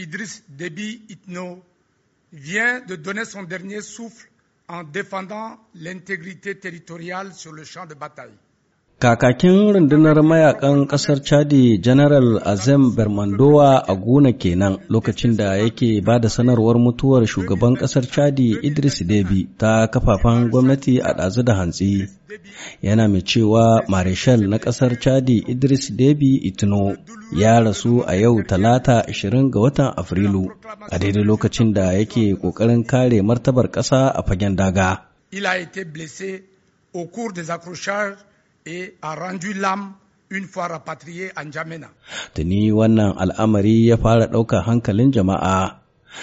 Idriss Déby Itno vient de donner son dernier souffle en défendant l'intégrité territoriale sur le champ de bataille. Kakakin rundunar mayakan ƙasar Chadi General Azem Bermandowa a gona kenan lokacin da yake ba da sanarwar mutuwar shugaban ƙasar Chadi Idris Debi ta kafafen gwamnati a ɗazu da hantsi. Yana mai cewa Marishal na ƙasar Chadi Idris Debi Itno ya rasu a yau talata 20 ga watan Afrilu a daidai lokacin da yake ƙoƙarin kare martabar ƙasa a fagen daga. Il a et a rendu l'âme une fois wannan al'amari ya fara ɗaukar hankalin jama'a.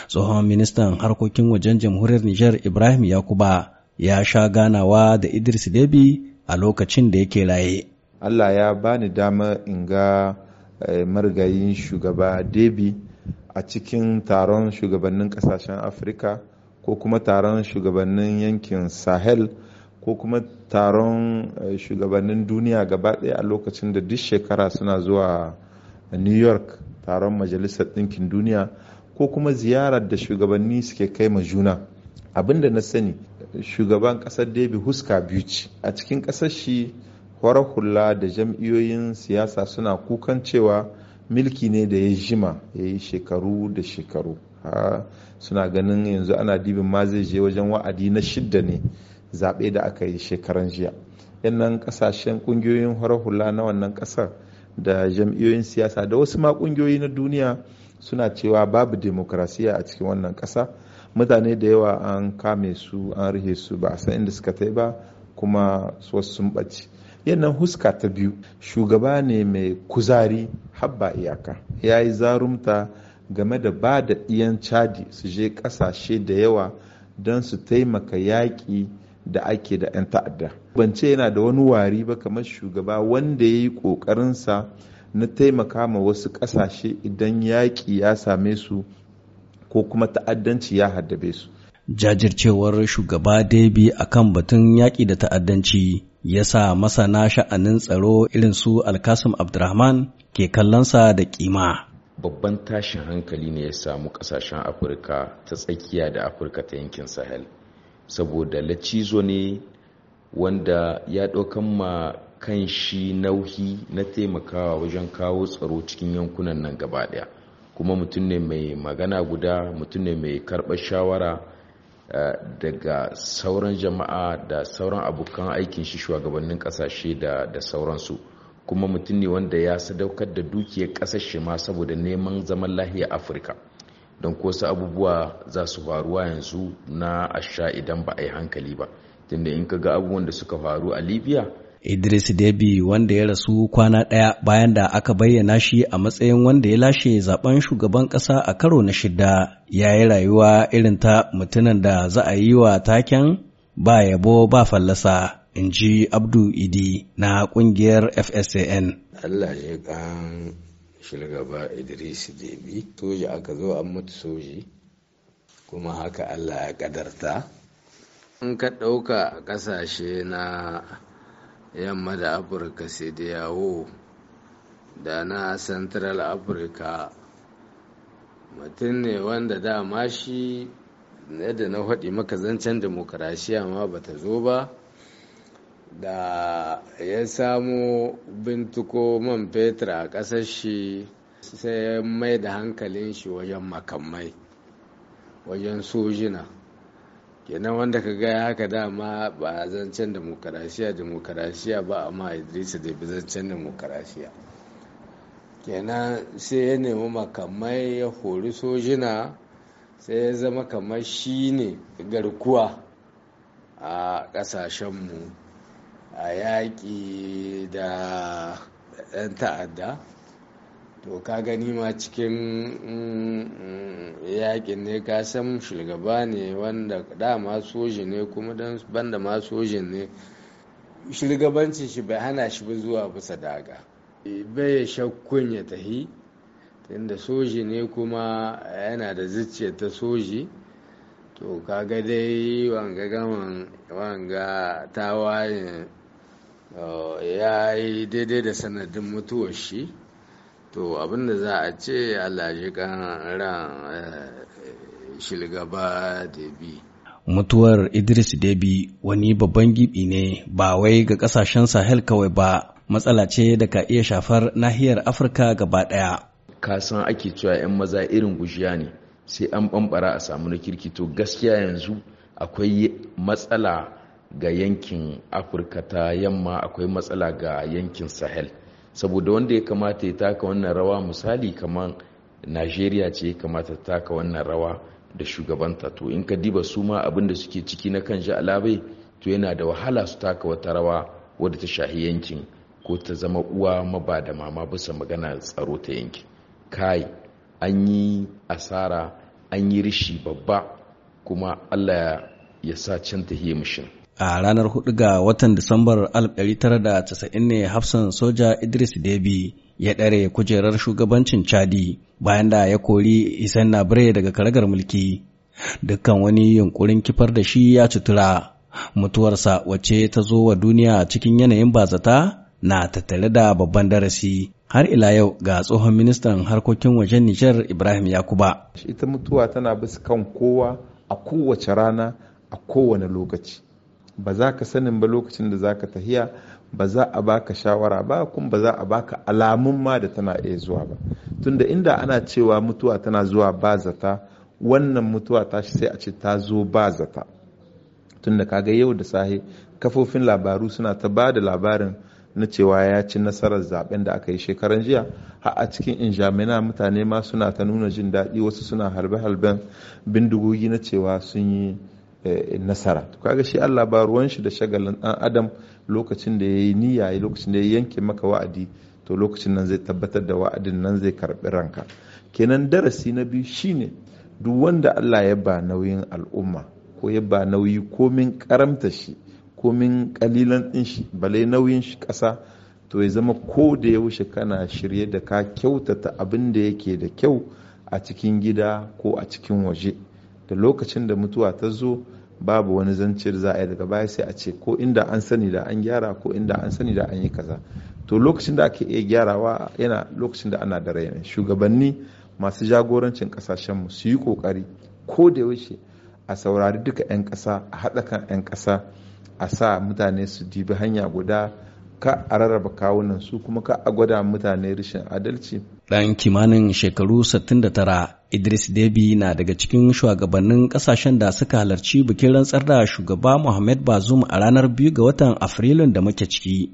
Tsohon ministan harkokin wajen jamhuriyar Nijar Ibrahim Yakuba ya sha ganawa da Idris Debi a lokacin da yake raye. Allah ya bani dama in ga eh, margayin shugaba Debi a cikin taron shugabannin ƙasashen Afirka ko kuma taron shugabannin yankin Sahel. ko kuma taron eh, shugabannin duniya gaba ɗaya a lokacin da duk shekara suna zuwa new york taron majalisar ɗinkin duniya ko kuma ziyarar da shugabanni suke kai ma juna abinda na sani shugaban ƙasar david huska biyu a cikin ƙasar shi hula da jam'iyoyin siyasa suna kukan cewa milki ne da ya jima ya yi shekaru da shekaru suna ganin yanzu ana dibin ma zai je wajen wa'adi na shidda ne zaɓe da aka yi shekaran jiya yannan ƙasashen ƙungiyoyin hula na wannan ƙasar da jam'iyyoyin siyasa da wasu ma ƙungiyoyi na duniya suna cewa babu demokrasiya a cikin wannan ƙasa mutane da yawa an kame su an rihe su ba a san inda suka tai ba kuma wasu sun ɓace yannan huska ta biyu shugaba ne mai kuzari habba iyaka ya yi zarumta game da ba da ɗiyan cadi su je ƙasashe da yawa don su taimaka yaƙi da ake da 'yan ta'adda ban ce yana da wani wari ba kamar shugaba wanda ya yi ƙoƙarinsa na taimaka ma wasu ƙasashe idan yaƙi ya same su ko kuma ta'addanci ya haddabe su jajircewar shugaba Debi a kan batun yaƙi da ta'addanci ya sa masana sha'anin tsaro irin su Alkasim Abdurrahman ke kallonsa da kima. Babban tashin hankali ne ya samu ƙasashen Afirka ta tsakiya da Afirka ta yankin Sahel. saboda lacizo ne wanda ya ɗaukan ma kan shi nauhi na taimakawa wajen kawo tsaro cikin yankunan nan gaba ɗaya kuma mutum ne mai magana guda mutum ne mai karɓar shawara eh, daga sauran jama'a da sauran abokan aikin shi shugabannin ƙasashe da sauransu kuma mutum ne wanda ya sadaukar da dukiyar ƙasashe ma saboda neman zaman lahiyar afirka don ko wasu abubuwa za su faruwa yanzu na asha idan ba a yi hankali ba tunda in ka ga abubuwan da suka faru a libya Idris debi wanda ya rasu kwana daya bayan da aka bayyana shi a matsayin wanda ya lashe zaben shugaban kasa a karo na shida ya yi rayuwa irin ta mutumin da za a yi wa taken ba yabo ba fallasa in ji Abdu Idi na ƙungiyar FSAN. gaba idris debi soja aka zo an mutu soji kuma haka allah ya kadarta in ka ɗauka a ƙasashe na yamma da afirka sai da yawo da na central africa mutum ne wanda dama shi da na haɗi maka zancen ma bata zo ba da ya samu bintuko man fetur a ƙasar shi sai ya mai da hankalin shi wajen makamai wajen sojina kenan wanda ka gaya haka dama ba a zancen demokarasiya demokarasiya ba amma idrisa da zancen demokarasiya kenan sai ya nemi makamai ya hori sojina sai ya zama kamar shi ne garkuwa a ƙasashenmu a yaƙi da ɗan ta'adda to ka gani ma cikin mm, yaƙin ne ka san shugaba ne wanda dama soji ne kuma banda ma sojin ne shugabancin shi bai hana shi ba zuwa bisa daga bai ya shakkun ya tahi inda soji ne kuma yana da zuciya ta soji to kaga dai wanga gaman wanga tawayen Eh, ya yi daidai da sanadin mutuwar shi to abinda za a ce alhaji kan ran eh, shilgaba debi mutuwar idris debi wani babban gibi ne ba wai ga kasashen sahel kawai ba matsala ce da ka iya shafar nahiyar afirka gaba daya kasan ake cewa 'yan maza irin gushiya ne sai an bambara a samu na kirki to gaskiya yanzu akwai matsala ga yankin afirka ta yamma akwai matsala ga yankin sahel saboda wanda ya kamata ya taka wannan rawa misali kamar najeriya ce ya kamata ta taka wannan rawa da shugabanta to in ka diba su ma abin da suke ciki na kan alabai to yana da wahala su taka wata rawa wadda ta shahi yankin ko ta zama uwa ma ba da mama bisa magana tsaro ta yankin kai an yi asara an yi rishi babba kuma allah ya sa can ta mishin a ranar 4 ga watan disambar 1990 ne hafsan soja idris debi ya ɗare kujerar shugabancin chadi bayan da ya kori isan nabre daga karagar mulki dukkan wani yunkurin kifar da shi ya cutura mutuwarsa wace ta zo wa duniya cikin yanayin bazata na tattare da babban darasi har ila yau ga tsohon ministan harkokin wajen nijar ibrahim yakuba ita mutuwa tana bisa kan kowa a kowace rana a kowane lokaci ba za ka sanin ba lokacin da za ka tahiya ba za a baka shawara ba kuma ba za a baka alamun ma da tana iya zuwa ba tunda inda ana cewa mutuwa tana zuwa ba zata wannan mutuwa ta shi sai a ce ta zo ba zata tunda kaga yau da sahi kafofin labaru suna ta ba da labarin na cewa ya ci nasarar zaben da aka yi shekaran jiya har a cikin injamina mutane ma suna ta nuna jin daɗi wasu suna harbe-harben bindigogi na cewa sun yi Eh, nasara kaga shi Allah ba ruwan shi da shagalin dan adam lokacin da yayi niyya yayi lokacin da ya yanke maka wa'adi to lokacin nan zai tabbatar da wa'adin nan zai karbi ranka kenan darasi na biyu shine duk wanda Allah ya ba nauyin al'umma ko ya ba nauyi komin karamta shi komin kalilan din shi balai nauyin shi kasa to ya zama ko da yaushe kana shirye da ka kyautata abin da yake da kyau a cikin gida ko a cikin waje da lokacin da mutuwa ta zo babu wani zancir da za a yi daga baya sai a ce ko inda an sani da an gyara ko inda an sani da an yi kaza to lokacin da ake iya gyarawa yana lokacin da ana da raina shugabanni masu jagorancin kasashenmu su yi kokari ko da yaushe a saurari duka 'yan ƙasa a haɗa kan 'yan ƙasa a sa mutane su dibi hanya guda ka a rarraba kawunan su kuma ka a gwada mutane rashin adalci. Ɗan kimanin shekaru 69 Idris Deby na daga cikin shugabannin kasashen da suka halarci bikin rantsar da shugaba Muhammad Bazoum a ranar biyu ga watan Afrilun da muke ciki.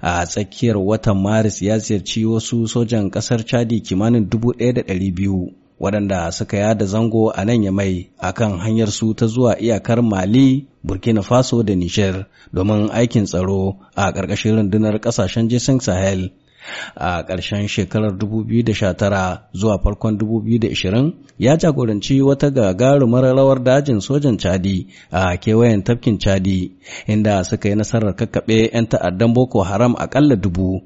A tsakiyar watan Maris ya ziyarci wasu sojan ƙasar Chadi kimanin 1,200 waɗanda suka yada zango a nan ya mai a kan hanyarsu ta zuwa iyakar Mali, Burkina Faso da Nijar domin aikin tsaro a ƙarƙashin rundunar ƙasashen Jason Sahel a ƙarshen shekarar 2019 zuwa farkon 2020 ya jagoranci wata gagarumar rawar dajin sojan chadi a kewayen tafkin chadi inda suka yi nasarar kakkaɓe 'yan ta'addan boko haram aƙalla dubu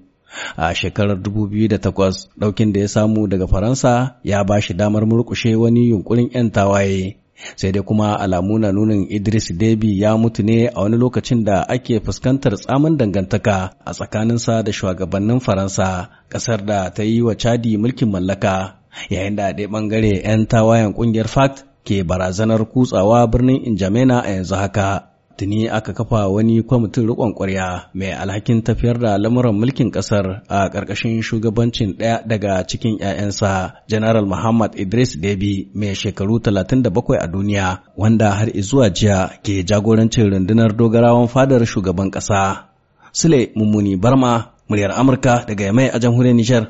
a shekarar 2008 ɗaukin da ya samu daga faransa ya ba shi damar murƙushe wani yunkurin 'yan tawaye sai dai kuma alamu na nunin idris debi ya mutu ne a wani lokacin da ake fuskantar tsamin dangantaka a tsakaninsa da shugabannin faransa kasar da ta yi wa chadi mulkin mallaka yayin da ɗaya bangare 'yan tawayen ƙungiyar fact ke barazanar kutsawa birnin injamena a yanzu haka tuni aka kafa wani kwamitin riƙon kwarya mai alhakin tafiyar da lamuran mulkin ƙasar a ƙarƙashin shugabancin ɗaya daga cikin 'ya'yansa general muhammad idris debi mai shekaru 37 a duniya wanda har zuwa jiya ke jagorancin rundunar dogarawan fadar shugaban ƙasa sule mummuni barma muryar amurka daga yamai a jamhuriyar nijar